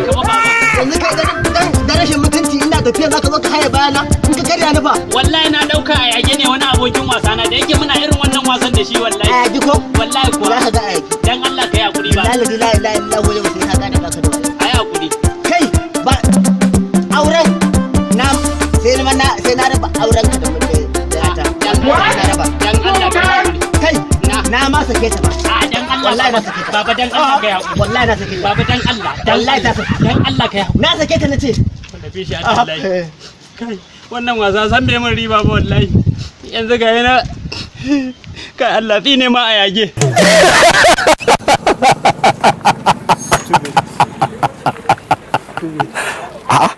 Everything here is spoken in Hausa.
ne kamar ba yanzu kai da rashin mutunci ina tafiya za ka zo ka haya bayana in ka karya ni ba wallahi na dauka a yage ne wani abokin wasa na da yake muna irin wannan wasan da shi wallahi a yage ko wallahi kuwa za ka ga a yage dan Allah ka yi hakuri ba la ilaha illallah wajen mutum ka gane ba ka da wani ai hakuri kai ba auren na sai na sai na raba auren ka da kuɗi da ta ah, dan Allah kai na ma sake ta ba wallahi na saki baba dan Allah hakuri ah, wallahi na baba dan Allah ta dan Allah ka hakuri na sake ta nace shi Allah ah, eh. kai wannan wasa san bai mun riba ba wallahi yanzu ga yana kai Allah ne ma a yage a'a